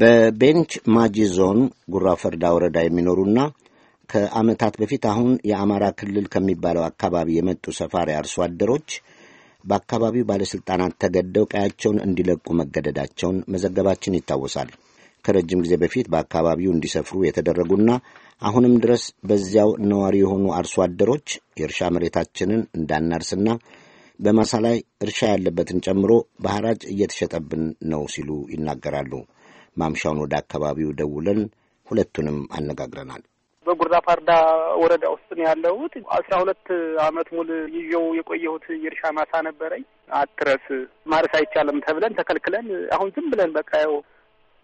በቤንች ማጂ ዞን ጉራ ፈርዳ ወረዳ የሚኖሩና ከዓመታት በፊት አሁን የአማራ ክልል ከሚባለው አካባቢ የመጡ ሰፋሪ አርሶ አደሮች በአካባቢው ባለሥልጣናት ተገደው ቀያቸውን እንዲለቁ መገደዳቸውን መዘገባችን ይታወሳል። ከረጅም ጊዜ በፊት በአካባቢው እንዲሰፍሩ የተደረጉና አሁንም ድረስ በዚያው ነዋሪ የሆኑ አርሶ አደሮች የእርሻ መሬታችንን እንዳናርስና በማሳ ላይ እርሻ ያለበትን ጨምሮ በሐራጅ እየተሸጠብን ነው ሲሉ ይናገራሉ። ማምሻውን ወደ አካባቢው ደውለን ሁለቱንም አነጋግረናል። በጉርዛ ፓርዳ ወረዳ ውስጥ ነው ያለሁት። አስራ ሁለት አመት ሙሉ ይዤው የቆየሁት የእርሻ ማሳ ነበረኝ። አትረስ ማረስ አይቻልም ተብለን ተከልክለን፣ አሁን ዝም ብለን በቃ ያው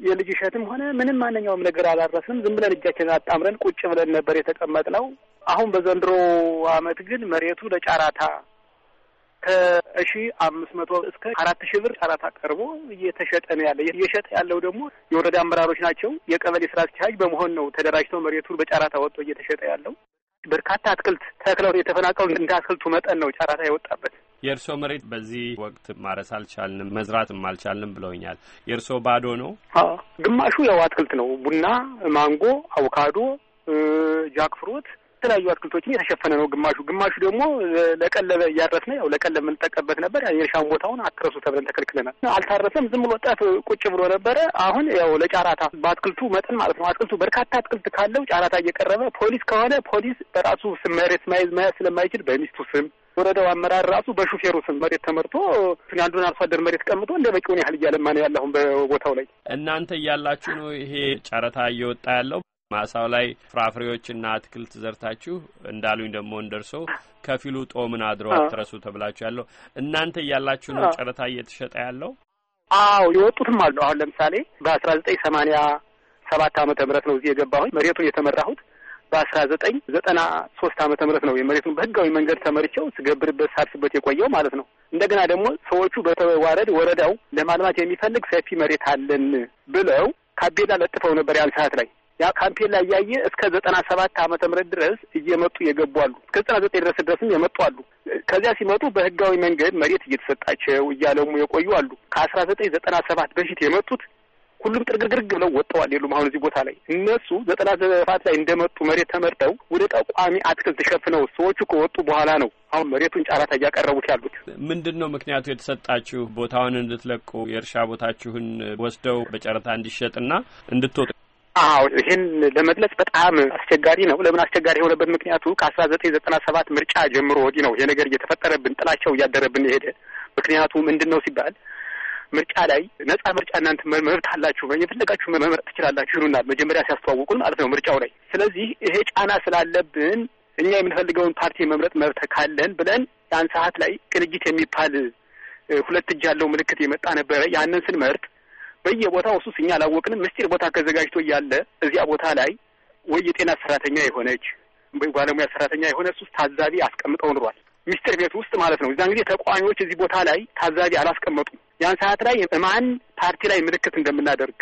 የልጅ እሸትም ሆነ ምንም ማንኛውም ነገር አላረስንም። ዝም ብለን እጃችንን አጣምረን ቁጭ ብለን ነበር የተቀመጥነው። አሁን በዘንድሮ አመት ግን መሬቱ ለጫራታ ከሺ አምስት መቶ እስከ አራት ሺህ ብር ጫራት አቀርቦ እየተሸጠ ነው ያለ። እየሸጠ ያለው ደግሞ የወረዳ አመራሮች ናቸው። የቀበሌ ስራ አስኪያጅ በመሆን ነው ተደራጅቶ መሬቱን በጫራታ ወጥቶ እየተሸጠ ያለው። በርካታ አትክልት ተክለው የተፈናቀሉ እንደ አትክልቱ መጠን ነው ጫራታ የወጣበት። የእርስዎ መሬት በዚህ ወቅት ማረስ አልቻልንም፣ መዝራትም አልቻልንም ብለውኛል። የእርስዎ ባዶ ነው? ግማሹ ያው አትክልት ነው፣ ቡና፣ ማንጎ፣ አቮካዶ፣ ጃክፍሩት የተለያዩ አትክልቶችን የተሸፈነ ነው ግማሹ። ግማሹ ደግሞ ለቀለበ እያረስነ ያው ለቀለብ የምንጠቀበት ነበር። የእርሻን ቦታውን አትረሱ ተብለን ተከልክለናል። አልታረሰም፣ ዝም ብሎ ጠፍ ቁጭ ብሎ ነበረ። አሁን ያው ለጫራታ በአትክልቱ መጠን ማለት ነው። አትክልቱ በርካታ አትክልት ካለው ጫራታ እየቀረበ ፖሊስ ከሆነ ፖሊስ በራሱ ስም መሬት መያዝ መያዝ ስለማይችል በሚስቱ ስም ወረዳው አመራር ራሱ በሹፌሩ ስም መሬት ተመርቶ አንዱን አርሶ አደር መሬት ቀምጦ እንደ በቂውን ያህል እያለማ ነው ያለሁን በቦታው ላይ እናንተ እያላችሁ ነው ይሄ ጨረታ እየወጣ ያለው። ማሳው ላይ ፍራፍሬዎችና አትክልት ዘርታችሁ እንዳሉኝ ደግሞ እንደርሶ ከፊሉ ጦምን አድሮ አትረሱ ተብላችሁ ያለው እናንተ እያላችሁ ነው ጨረታ እየተሸጠ ያለው? አዎ የወጡትም አሉ። አሁን ለምሳሌ በአስራ ዘጠኝ ሰማኒያ ሰባት አመተ ምህረት ነው እዚህ የገባሁኝ መሬቱን የተመራሁት በአስራ ዘጠኝ ዘጠና ሶስት አመተ ምህረት ነው የመሬቱን በህጋዊ መንገድ ተመርቸው ስገብርበት ሳርስበት የቆየው ማለት ነው። እንደገና ደግሞ ሰዎቹ በተዋረድ ወረዳው ለማልማት የሚፈልግ ሰፊ መሬት አለን ብለው ካቤላ ለጥፈው ነበር ያን ሰዓት ላይ ያ ካምፔን ላይ እያየ እስከ ዘጠና ሰባት ዓመተ ምህረት ድረስ እየመጡ የገቡ አሉ። እስከ ዘጠና ዘጠኝ ድረስ ድረስም የመጡ አሉ። ከዚያ ሲመጡ በህጋዊ መንገድ መሬት እየተሰጣቸው እያለሙ የቆዩ አሉ። ከአስራ ዘጠኝ ዘጠና ሰባት በፊት የመጡት ሁሉም ጥርግርግርግ ብለው ወጥተዋል። የሉም አሁን እዚህ ቦታ ላይ እነሱ ዘጠና ሰባት ላይ እንደመጡ መሬት ተመርጠው ወደ ጠቋሚ አትክልት ተሸፍነው ሰዎቹ ከወጡ በኋላ ነው አሁን መሬቱን ጫራታ እያቀረቡት ያሉት። ምንድን ነው ምክንያቱ የተሰጣችሁ ቦታውን እንድትለቁ የእርሻ ቦታችሁን ወስደው በጨረታ እንዲሸጥና እንድትወጡ አዎ ይህን ለመግለጽ በጣም አስቸጋሪ ነው። ለምን አስቸጋሪ የሆነበት ምክንያቱ ከአስራ ዘጠኝ ዘጠና ሰባት ምርጫ ጀምሮ ወዲህ ነው ይሄ ነገር እየተፈጠረብን ጥላቸው እያደረብን የሄደ ምክንያቱ ምንድን ነው ሲባል ምርጫ ላይ ነጻ ምርጫ እናንተ መብት አላችሁ የፈለጋችሁ መምረጥ ትችላላችሁ ይሉናል። መጀመሪያ ሲያስተዋውቁን ማለት ነው ምርጫው ላይ። ስለዚህ ይሄ ጫና ስላለብን እኛ የምንፈልገውን ፓርቲ መምረጥ መብት ካለን ብለን ያን ሰዓት ላይ ቅንጅት የሚባል ሁለት እጅ ያለው ምልክት የመጣ ነበረ። ያንን ስንመርጥ በየቦታው እሱ እኛ አላወቅንም። ምስጢር ቦታ ከዘጋጅቶ እያለ እዚያ ቦታ ላይ ወይ የጤና ሰራተኛ የሆነች ባለሙያ ሰራተኛ የሆነ እሱ ታዛቢ አስቀምጠው ኑሯል። ምስጢር ቤት ውስጥ ማለት ነው። እዚያን ጊዜ ተቃዋሚዎች እዚህ ቦታ ላይ ታዛቢ አላስቀመጡም። ያን ሰዓት ላይ ማን ፓርቲ ላይ ምልክት እንደምናደርግ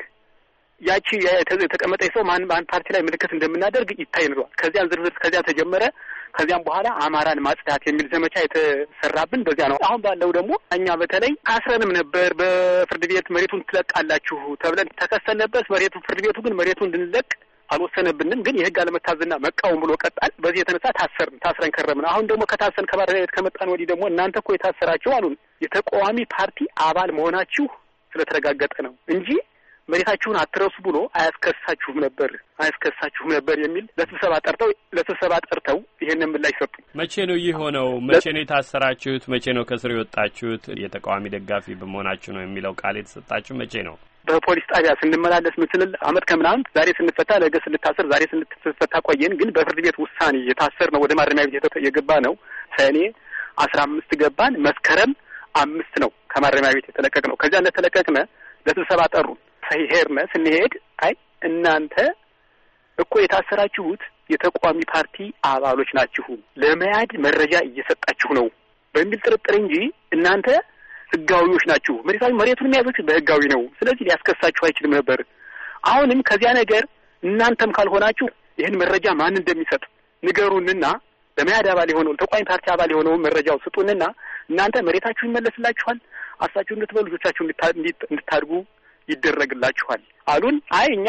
ያቺ የተቀመጠ ሰው ማን ማን ፓርቲ ላይ ምልክት እንደምናደርግ ይታይ ኑሯል። ከዚያ ዝርዝር ከዚያ ተጀመረ። ከዚያም በኋላ አማራን ማጽዳት የሚል ዘመቻ የተሰራብን በዚያ ነው። አሁን ባለው ደግሞ እኛ በተለይ አስረንም ነበር። በፍርድ ቤት መሬቱን ትለቃላችሁ ተብለን ተከሰን ነበር። መሬቱ ፍርድ ቤቱ ግን መሬቱን እንድንለቅ አልወሰነብንም። ግን የህግ አለመታዘና መቃወም ብሎ ቀጣል። በዚህ የተነሳ ታሰርን፣ ታስረን ከረምን። አሁን ደግሞ ከታሰን ከባህር ቤት ከመጣን ወዲህ ደግሞ እናንተ እኮ የታሰራችሁ አሉን የተቃዋሚ ፓርቲ አባል መሆናችሁ ስለተረጋገጠ ነው እንጂ መሬታችሁን አትረሱ ብሎ አያስከሳችሁም ነበር አያስከሳችሁም ነበር የሚል ለስብሰባ ጠርተው ለስብሰባ ጠርተው ይህንን ምላሽ ሰጡ። መቼ ነው ይህ ሆነው? መቼ ነው የታሰራችሁት? መቼ ነው ከስር የወጣችሁት? የተቃዋሚ ደጋፊ በመሆናችሁ ነው የሚለው ቃል የተሰጣችሁ መቼ ነው? በፖሊስ ጣቢያ ስንመላለስ ምስልል አመት ከምናምን ዛሬ ስንፈታ ነገ ስንታሰር ዛሬ ስንፈታ ቆየን። ግን በፍርድ ቤት ውሳኔ የታሰር ነው ወደ ማረሚያ ቤት የገባ ነው ሰኔ አስራ አምስት ገባን መስከረም አምስት ነው ከማረሚያ ቤት የተለቀቅ ነው። ከዚያ እንደተለቀቅነ ለስብሰባ ጠሩን። ሄርመ ስንሄድ አይ እናንተ እኮ የታሰራችሁት የተቃዋሚ ፓርቲ አባሎች ናችሁ፣ ለመያድ መረጃ እየሰጣችሁ ነው በሚል ጥርጥር እንጂ እናንተ ህጋዊዎች ናችሁ። መሬታዊ መሬቱን የሚያዙት በህጋዊ ነው። ስለዚህ ሊያስከሳችሁ አይችልም ነበር። አሁንም ከዚያ ነገር እናንተም ካልሆናችሁ ይህን መረጃ ማን እንደሚሰጥ ንገሩንና ለመያድ አባል የሆነውን ተቃዋሚ ፓርቲ አባል የሆነውን መረጃው ስጡንና እናንተ መሬታችሁ ይመለስላችኋል፣ አሳችሁ እንድትበሉ ልጆቻችሁ እንድታድጉ ይደረግላችኋል አሉን። አይ እኛ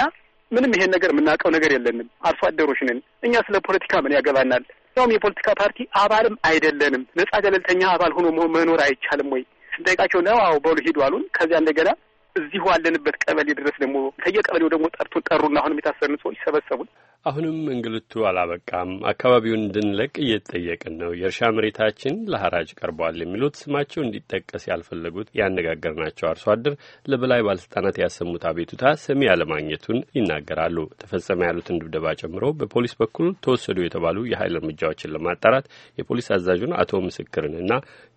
ምንም ይሄን ነገር የምናውቀው ነገር የለንም፣ አርሶ አደሮች ነን። እኛ ስለ ፖለቲካ ምን ያገባናል? ያውም የፖለቲካ ፓርቲ አባልም አይደለንም። ነጻ ገለልተኛ አባል ሆኖ መኖር አይቻልም ወይ ስንጠይቃቸው ነው አዎ በሉ ሂዱ አሉን። ከዚያ እንደገና እዚሁ አለንበት ቀበሌ ድረስ ደግሞ ከየቀበሌው ደግሞ ጠርቶ ጠሩና አሁንም የታሰርን ሰዎች ሰበሰቡን። አሁንም እንግልቱ አላበቃም። አካባቢውን እንድንለቅ እየተጠየቅን ነው። የእርሻ መሬታችን ለሐራጅ ቀርቧል የሚሉት ስማቸው እንዲጠቀስ ያልፈለጉት ያነጋገርናቸው አርሶ አደር ለበላይ ባለስልጣናት ያሰሙት አቤቱታ ሰሚ አለማግኘቱን ይናገራሉ። ተፈጸመ ያሉትን ድብደባ ጨምሮ በፖሊስ በኩል ተወሰዱ የተባሉ የኃይል እርምጃዎችን ለማጣራት የፖሊስ አዛዡን አቶ ምስክርንና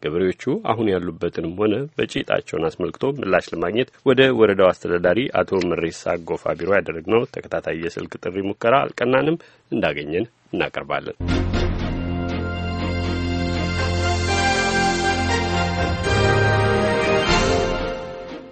ገበሬዎቹ አሁን ያሉበትንም ሆነ በጭጣቸውን አስመልክቶ ምላሽ ለማግኘት ወደ ወረዳው አስተዳዳሪ አቶ መሬሳ ጎፋ ቢሮ ያደረግነው ተከታታይ የስልክ ጥሪ ሙከራ አልቀናንም። እንዳገኘን እናቀርባለን።